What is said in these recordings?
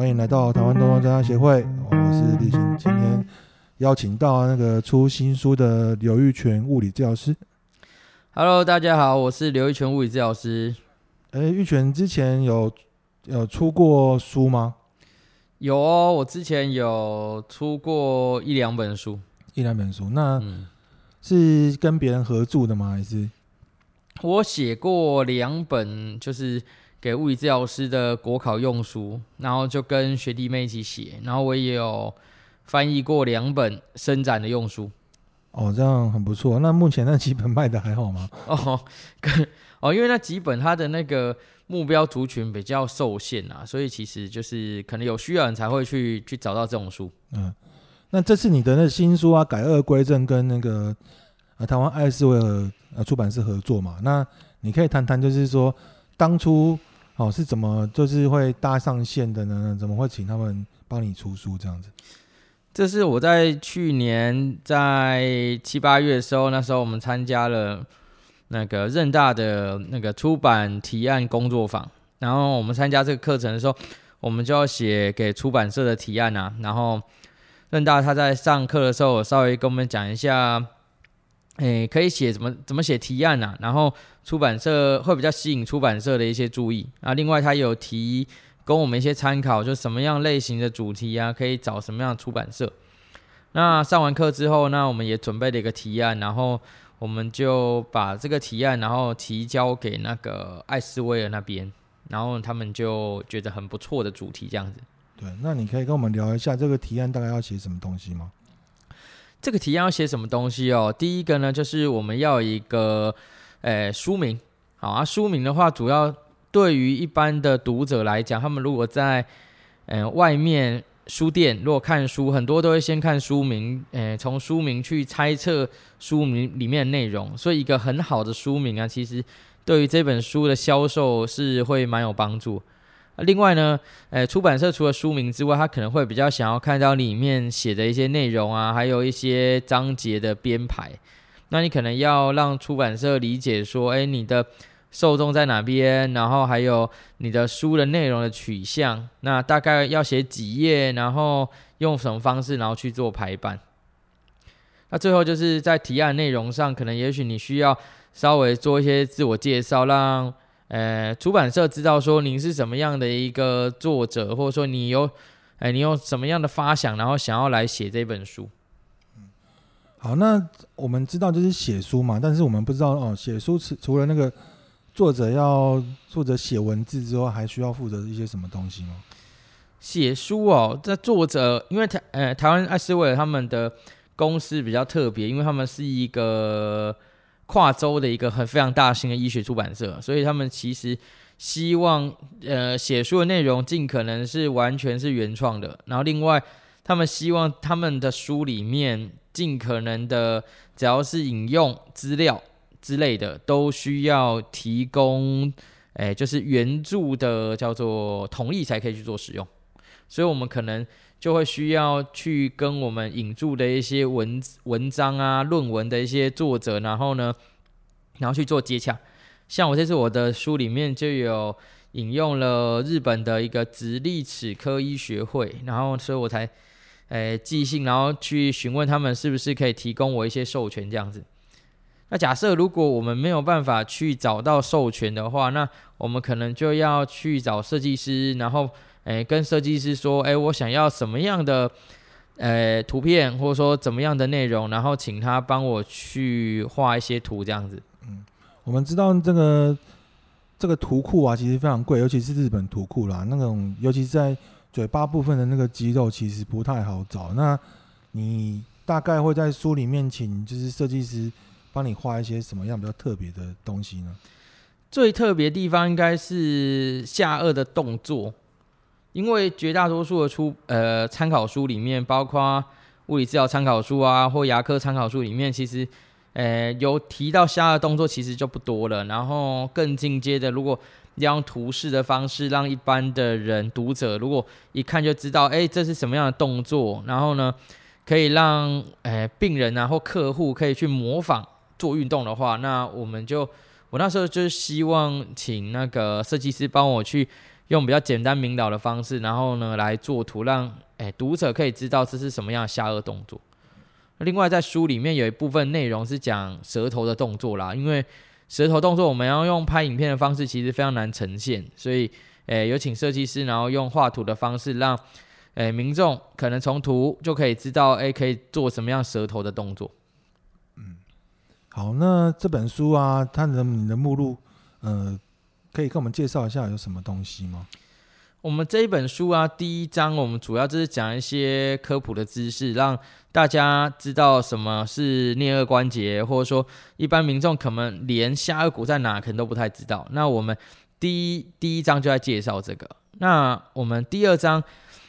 歡迎來到台灣東方專家協會，我是李欣。今天邀請到那個出新書的劉育銓物理治療師。Hello，大家好，我是劉育銓物理治療師。哎，育銓之前有有出過書嗎？有哦，我之前有出過一兩本書，一兩本書，那是跟別人合著的嗎？還是我寫過兩本，就是。給物理治療師的國考用書，然後就跟學弟妹一起寫，然後我也有翻譯過兩本伸展的用書。哦，這樣很不錯。那目前那幾本賣的還好嗎？哦，跟哦，因為那幾本它的那個目標族群比較受限啊，所以其實就是可能有需要人才會去去找到這種書。嗯，那這次你的那新書啊，改顎歸正跟那個、啊、台灣愛思唯爾、啊、出版社合作嘛，那你可以談談，就是說當初。哦，是怎麼就是會搭上線的呢？怎麼會請他們幫你出書這樣子？這是我在去年在七八月的時候，那時候我們參加了那個任大的那個出版提案工作坊。然後我們參加這個課程的時候，我們就要寫給出版社的提案啊。然後任大他在上課的時候，我稍微跟我們講一下。誒，可以寫怎麼怎麼寫提案啊，然後出版社會比較吸引出版社的一些注意啊。另外，他有提供我們一些參考，就是什麼樣類型的主題啊，可以找什麼樣的出版社。那上完課之後，那我們也準備了一個提案，然後我們就把這個提案，然後提交給那個愛思唯爾那邊，然後他們就覺得很不錯的主題這樣子。對，那你可以跟我們聊一下這個提案大概要寫什麼東西嗎？這個題要寫什麼東西哦？第一個呢，就是我們要一個，誒，書名。好啊，書名的話，主要對於一般的讀者來講，他們如果在，嗯、呃，外面書店如果看書，很多都會先看書名，嗯、呃，從書名去猜測書名裡面的內容。所以，一個很好的書名啊，其實對於這本書的銷售是會蠻有幫助。另外呢，誒，出版社除了書名之外，他可能會比較想要看到裡面寫的一些內容啊，還有一些章節的編排。那你可能要讓出版社理解說，誒，你的受眾在哪邊，然後還有你的書的內容的取向，那大概要寫幾頁，然後用什麼方式，然後去做排版。那最後就是在提案內容上，可能也許你需要稍微做一些自我介紹，讓。呃，出版社知道說您是什麼樣的一個作者，或者說你有，哎、呃，你有什麼樣的發想，然後想要來寫這本書。嗯，好，那我們知道就是寫書嘛，但是我們不知道哦，寫書除除了那個作者要作者寫文字之外，還需要負責一些什麼東西嗎？寫書哦，在作者，因為台呃台灣愛思唯爾他們的公司比較特別，因為他們是一個。跨州的一個很非常大型的醫學出版社，所以他們其實希望，呃，寫書的內容盡可能是完全是原創的。然後另外，他們希望他們的書裡面盡可能的，只要是引用資料之類的，都需要提供，誒、哎，就是原著的叫做同意才可以去做使用。所以，我們可能。就會需要去跟我們引註的一些文文章啊、論文的一些作者，然後呢，然後去做接洽。像我這次我的書裡面就有引用了日本的一個直立齒科醫學會，然後所以我才誒寄信，然後去詢問他們是不是可以提供我一些授權這樣子。那假設如果我們沒有辦法去找到授權的話，那我們可能就要去找設計師，然後。誒，跟設計師說，誒，我想要什麼樣的誒圖片，或者說怎麼樣的內容，然後請他幫我去畫一些圖這樣子。嗯，我們知道這個這個圖庫啊，其實非常貴，尤其是日本圖庫啦，那種尤其是在嘴巴部分的那個肌肉，其實不太好找。那你大概會在書裡面請，就是設計師幫你畫一些什麼樣比較特別的東西呢？最特別的地方應該是下顎的動作。因為絕大多數的出呃，參考書裡面，包括物理治療參考書啊，或牙科參考書裡面，其實，呃，有提到下的動作其實就不多了。然後更進階的，如果要用圖示的方式，讓一般的人讀者如果一看就知道，哎，這是什麼樣的動作，然後呢，可以讓，誒、呃、病人啊或客戶可以去模仿做運動的話，那我們就，我那時候就是希望請那個設計師幫我去。用比較簡單明了的方式，然後呢，來做圖，讓誒、欸、讀者可以知道這是什麼樣的下顎動作。另外在書裡面有一部分內容是講舌頭的動作啦，因為舌頭動作我們要用拍影片的方式，其實非常難呈現，所以誒、欸、有請設計師，然後用畫圖的方式讓，讓、欸、誒民眾可能從圖就可以知道，誒、欸、可以做什麼樣舌頭的動作。嗯，好，那這本書啊，它的你的目錄，呃。可以跟我們介紹一下有什麼東西嗎？我們這一本書啊，第一章我們主要就是講一些科普的知識，讓大家知道什麼是顳頜關節，或者說一般民眾可能連下顎骨在哪可能都不太知道。那我們第一第一章就在介紹這個。那我們第二章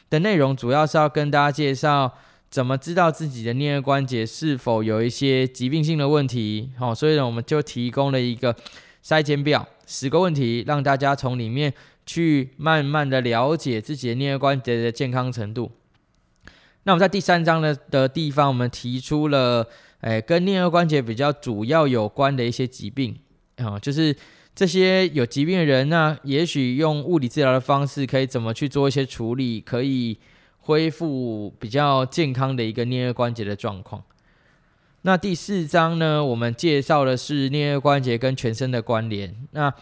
的內容主要是要跟大家介紹怎麼知道自己的顳頜關節是否有一些疾病性的問題。好，哦，所以呢，我們就提供了一個。篩檢表，十個問題，讓大家從裡面去慢慢的了解自己的顳顎關節的健康程度。那我們在第三章的的地方，我們提出了，哎、欸，跟顳顎關節比較主要有關的一些疾病啊、呃，就是這些有疾病的人、啊，呢，也許用物理治療的方式，可以怎麼去做一些處理，可以恢復比較健康的一個顳顎關節的狀況。那第四章呢，我們介紹的是顳頜關節跟全身的關聯。那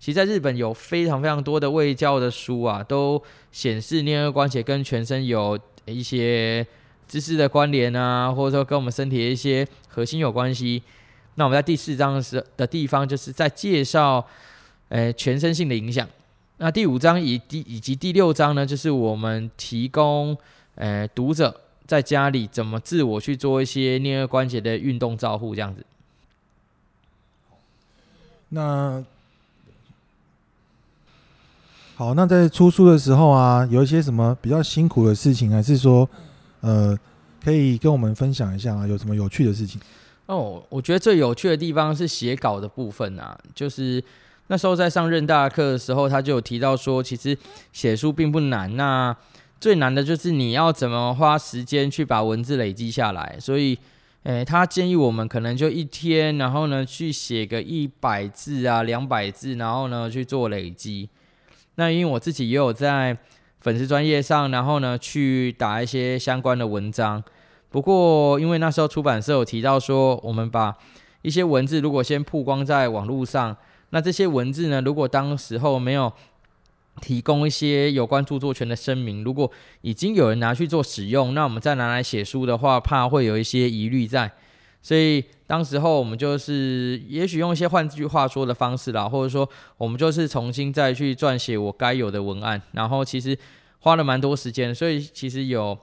其實在日本有非常非常多的衛教的書啊，都顯示顳頜關節跟全身有一些姿勢的關聯啊，或者說跟我們身體的一些核心有關係。那我們在第四章的時的地方，就是在介紹誒、呃、全身性的影響。那第五章以第以及第六章呢，就是我們提供誒、呃、讀者。在家裡怎麼自我去做一些顳顎關節的運動照護這樣子？那好，那在出書的時候啊，有一些什麼比較辛苦的事情，還是說，呃，可以跟我們分享一下啊？有什麼有趣的事情？哦，我覺得最有趣的地方是寫稿的部分啊，就是那時候在上任大課的時候，他就有提到說，其實寫書並不難那、啊。最難的就是你要怎麼花時間去把文字累積下來，所以，誒、欸，他建議我們可能就一天，然後呢去寫個一百字啊、兩百字，然後呢去做累積。那因為我自己也有在粉絲專頁上，然後呢去打一些相關的文章。不過，因為那時候出版社有提到說，我們把一些文字如果先曝光在網絡上，那這些文字呢，如果當時候沒有。提供一些有關著作權的聲明。如果已經有人拿去做使用，那我們再拿來寫書的話，怕會有一些疑慮在。所以當時候我們就是，也許用一些換句話說的方式啦，或者說我們就是重新再去撰寫我該有的文案。然後其實花了蠻多時間，所以其實有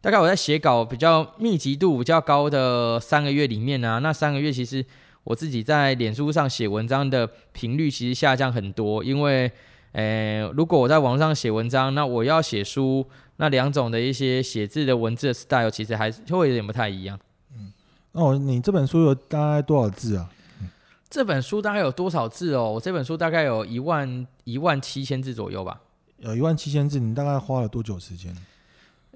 大概我在寫稿比較密集度比較高的三個月裡面呢、啊，那三個月其實我自己在臉書上寫文章的頻率其實下降很多，因為。誒、欸，如果我在網上寫文章，那我要寫書，那兩種的一些寫字的文字的 style 其實還是會有點不太一樣。嗯，哦，你這本書有大概多少字啊？嗯、這本書大概有多少字哦？我這本書大概有一萬一萬七千字左右吧。有一萬七千字，你大概花了多久時間？誒、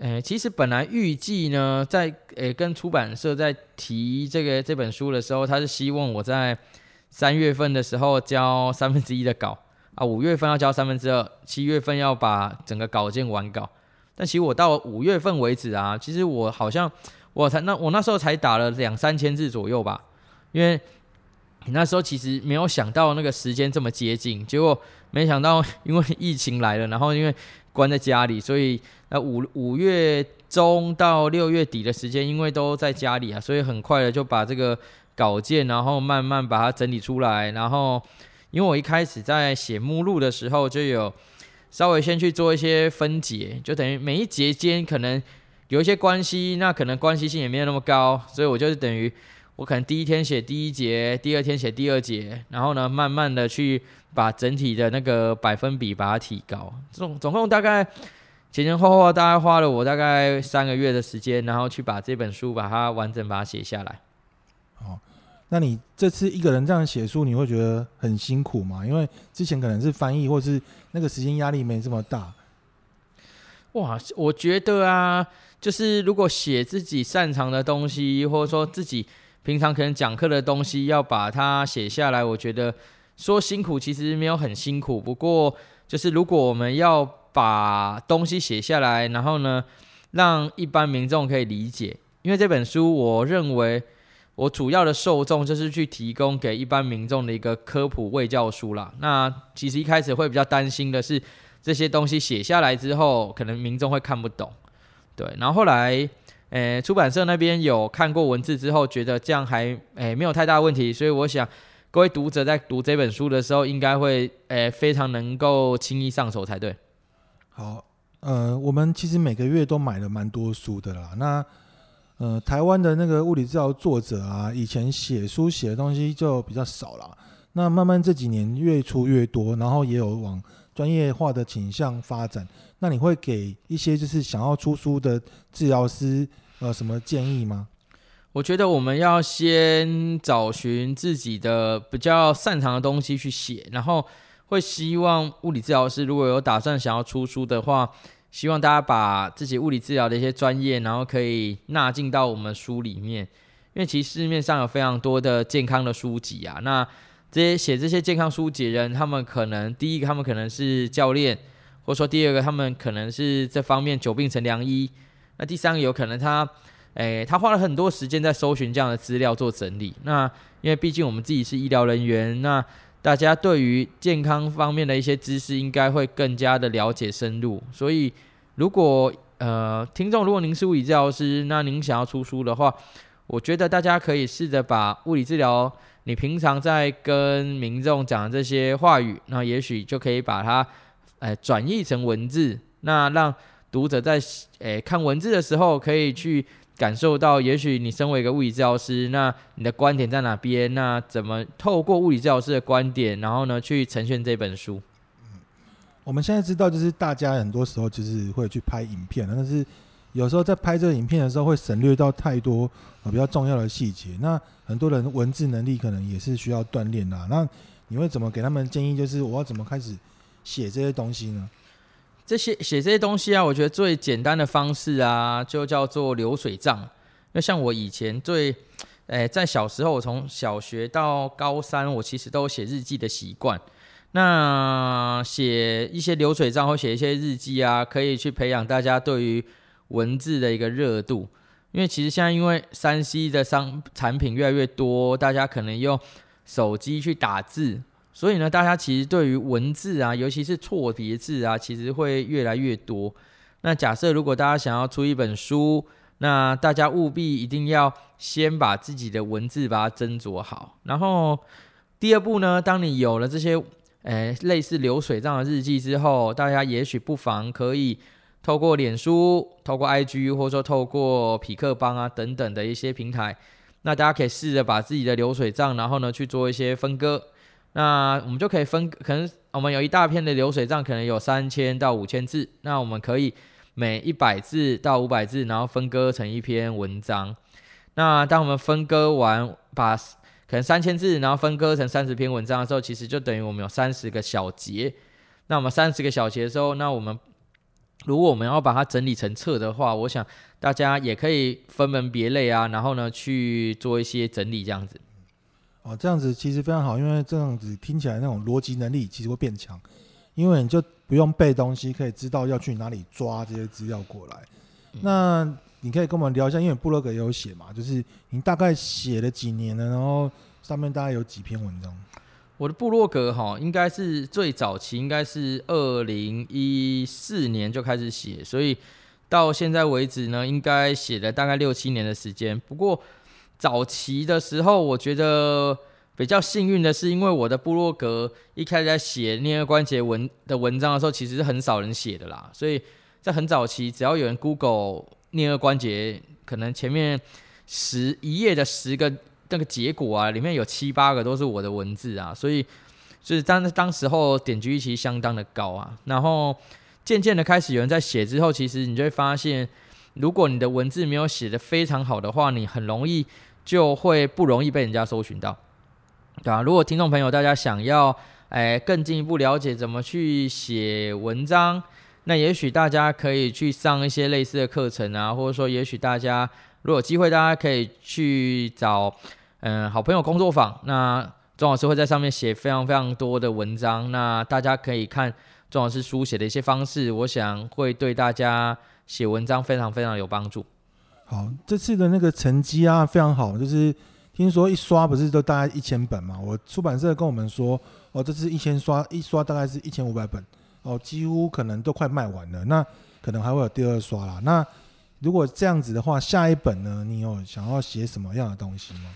欸，其實本來預計呢，在誒、欸、跟出版社在提這個這本書的時候，他是希望我在三月份的時候交三分之一的稿。啊，五月份要交三分之二，七月份要把整個稿件完稿。但其實我到五月份為止啊，其實我好像我才，那我那時候才打了兩三千字左右吧，因為那時候其實沒有想到那個時間這麼接近，結果沒想到因為疫情來了，然後因為關在家裡，所以那五五月中到六月底的時間，因為都在家裡啊，所以很快的就把這個稿件，然後慢慢把它整理出來，然後。因為我一開始在寫目錄的時候，就有稍微先去做一些分解，就等於每一節間可能有一些關係，那可能關係性也沒有那麼高，所以我就是等於我可能第一天寫第一節，第二天寫第二節，然後呢，慢慢的去把整體的那個百分比把它提高。這種總共大概前前後後大概花了我大概三個月的時間，然後去把這本書把它完整把它寫下來。好、哦。那你這次一個人這樣寫書，你會覺得很辛苦嗎？因為之前可能是翻譯，或是那個時間壓力沒這麼大。哇，我覺得啊，就是如果寫自己擅長的東西，或者說自己平常可能講課的東西，要把它寫下來，我覺得說辛苦其實沒有很辛苦。不過就是如果我們要把東西寫下來，然後呢，讓一般民眾可以理解，因為這本書，我認為。我主要的受眾就是去提供給一般民眾的一個科普衛教書啦。那其實一開始會比較擔心的是，這些東西寫下來之後，可能民眾會看不懂。對，然後後來，呃，出版社那邊有看過文字之後，覺得這樣還，呃，沒有太大問題。所以我想，各位讀者在讀這本書的時候，應該會，呃，非常能夠輕易上手才對。好，呃，我們其實每個月都買了蠻多書的啦。那。呃，台灣的那個物理治療作者啊，以前寫書寫的東西就比較少了。那慢慢這幾年越出越多，然後也有往專業化的傾向發展。那你會給一些就是想要出書的治療師，呃，什麼建議嗎？我覺得我們要先找尋自己的比較擅長的東西去寫，然後會希望物理治療師如果有打算想要出書的話。希望大家把自己物理治療的一些專業，然後可以納進到我們書裡面，因為其實市面上有非常多的健康的書籍啊。那這些寫這些健康書籍的人，他們可能第一個，他們可能是教練，或者說第二個，他們可能是這方面久病成良醫。那第三個，有可能他，誒，他花了很多時間在搜尋這樣的資料做整理。那因為畢竟我們自己是醫療人員，那。大家對於健康方面的一些知識，應該會更加的了解深入。所以，如果呃聽眾，如果您是物理治療師，那您想要出書的話，我覺得大家可以試着把物理治療，你平常在跟民眾講這些話語，那也許就可以把它，誒、呃，轉譯成文字，那讓讀者在誒、欸、看文字的時候，可以去。感受到，也許你身為一個物理治療師，那你的觀點在哪邊？那怎麼透過物理治療師的觀點，然後呢去呈現這本書？嗯，我們現在知道，就是大家很多時候就是會去拍影片，但是有時候在拍這個影片的時候，會省略到太多比較重要的細節。那很多人文字能力可能也是需要鍛鍊啦。那你會怎麼給他們建議？就是我要怎麼開始寫這些東西呢？這些寫這些東西啊，我覺得最簡單的方式啊，就叫做流水賬。那像我以前最，哎，在小時候，我從小學到高三，我其實都有寫日記的習慣。那寫一些流水賬或寫一些日記啊，可以去培養大家對於文字的一個熱度。因為其實現在，因為三 C 的商產品越來越多，大家可能用手機去打字。所以呢，大家其實對於文字啊，尤其是錯別字啊，其實會越來越多。那假設如果大家想要出一本書，那大家務必一定要先把自己的文字把它斟酌好。然後第二步呢，當你有了這些，誒、欸、類似流水賬的日記之後，大家也許不妨可以透過臉書、透過 IG，或者說透過痞客邦啊等等的一些平台，那大家可以試着把自己的流水賬，然後呢去做一些分割。那我們就可以分，可能我們有一大片的流水賬，可能有三千到五千字，那我們可以每一百字到五百字，然後分割成一篇文章。那當我們分割完，把可能三千字，然後分割成三十篇文章的時候，其實就等於我們有三十個小節。那我們三十個小節的時候，那我們如果我們要把它整理成冊的話，我想大家也可以分門別類啊，然後呢去做一些整理，這樣子。哦，這樣子其實非常好，因為這樣子聽起來那種邏輯能力其實會變強，因為你就不用背東西，可以知道要去哪裡抓這些資料過來。嗯、那你可以跟我們聊一下，因為部落格也有寫嘛，就是你大概寫了幾年呢？然後上面大概有幾篇文章？我的部落格哈，應該是最早期，應該是二零一四年就開始寫，所以到現在為止呢，應該寫了大概六七年的時間。不過，早期的時候，我覺得比較幸運的是，因為我的部落格一開始在寫顳頜關節文的文章的時候，其實是很少人寫的啦，所以在很早期，只要有人 Google 顳頜關節，可能前面十一頁的十個那個結果啊，裡面有七八個都是我的文字啊，所以就是當當時候點擊率其實相當的高啊。然後漸漸的開始有人在寫之後，其實你就會發現，如果你的文字沒有寫得非常好的話，你很容易。就會不容易被人家搜尋到，對、啊、如果聽眾朋友大家想要，哎，更進一步了解怎麼去寫文章，那也許大家可以去上一些類似的課程啊，或者說，也許大家如果有機會，大家可以去找，嗯、呃，好朋友工作坊，那鍾老師會在上面寫非常非常多的文章，那大家可以看鍾老師書寫的一些方式，我想會對大家寫文章非常非常有幫助。好，這次的那個成績啊，非常好。就是聽說一刷不是都大概一千本嘛？我出版社跟我們說，哦，這次一千刷一刷大概是一千五百本，哦，幾乎可能都快賣完了。那可能還會有第二刷啦。那如果這樣子的話，下一本呢，你有想要寫什麼樣的東西嗎？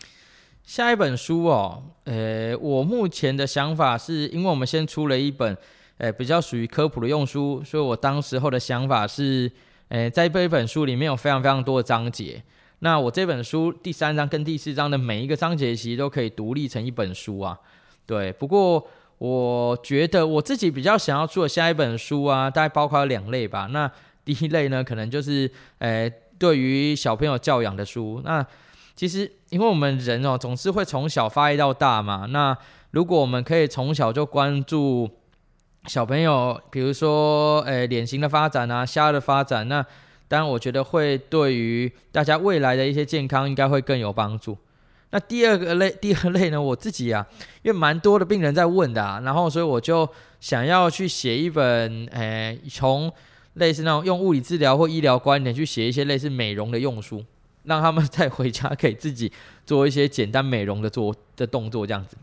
下一本書哦，呃，我目前的想法是因為我們先出了一本，哎、呃，比較屬於科普的用書，所以我當時候的想法是。誒，在這一本書裡面有非常非常多的章節。那我這本書第三章跟第四章的每一個章節，其實都可以獨立成一本書啊。對，不過我覺得我自己比較想要做的下一本書啊，大概包括有兩類吧。那第一類呢，可能就是誒，對於小朋友教養的書。那其實因為我們人哦，總是會從小發育到大嘛。那如果我們可以從小就關注。小朋友，比如說，誒、呃，臉型的發展啊，蝦的發展，那當然，我覺得會對於大家未來的一些健康應該會更有幫助。那第二個類，第二類呢，我自己啊，因為蠻多的病人在問的啊，然後所以我就想要去寫一本，誒、呃，從類似那種用物理治療或醫療觀點去寫一些類似美容的用書，讓他們再回家可以自己做一些簡單美容的做的動作，這樣子。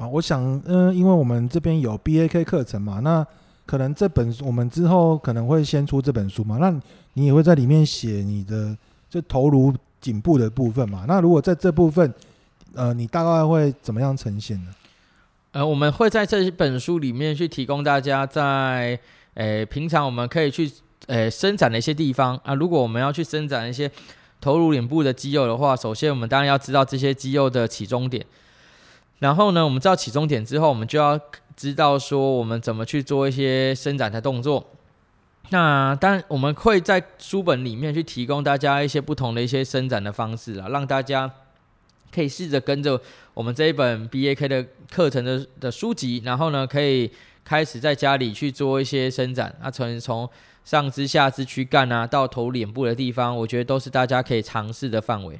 啊，我想，嗯、呃，因為我們這邊有 BAK 課程嘛，那可能這本我們之後可能會先出這本書嘛，那你也會在裡面寫你的就頭顱頸部的部分嘛。那如果在這部分，呃，你大概會怎麼樣呈現呢？呃，我們會在這本書裡面去提供大家在，呃、平常我們可以去，呃，伸展的一些地方啊。如果我們要去伸展一些頭顱臉部的肌肉的話，首先我們當然要知道這些肌肉的起終點。然後呢，我們知道起終點之後，我們就要知道說我們怎麼去做一些伸展的動作。那當然，我們會在書本裡面去提供大家一些不同的一些伸展的方式啊，讓大家可以試着跟着我們這一本 BAK 的課程的的書籍，然後呢，可以開始在家裡去做一些伸展。啊，從從上肢、下肢、軀幹啊，到頭、臉部的地方，我覺得都是大家可以嘗試的範圍。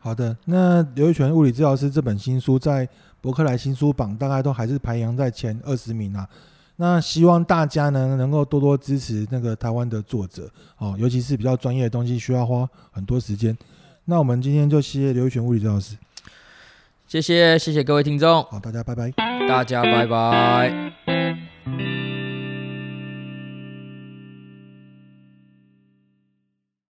好的，那劉育銓物理治療師這本新書在博客來新書榜大概都還是排揚在前二十名啊。那希望大家呢能夠多多支持那個台灣的作者哦，尤其是比較專業的東西，需要花很多時間。那我們今天就謝謝劉育銓物理治療師，謝謝謝謝各位聽眾，好，大家拜拜，大家拜拜。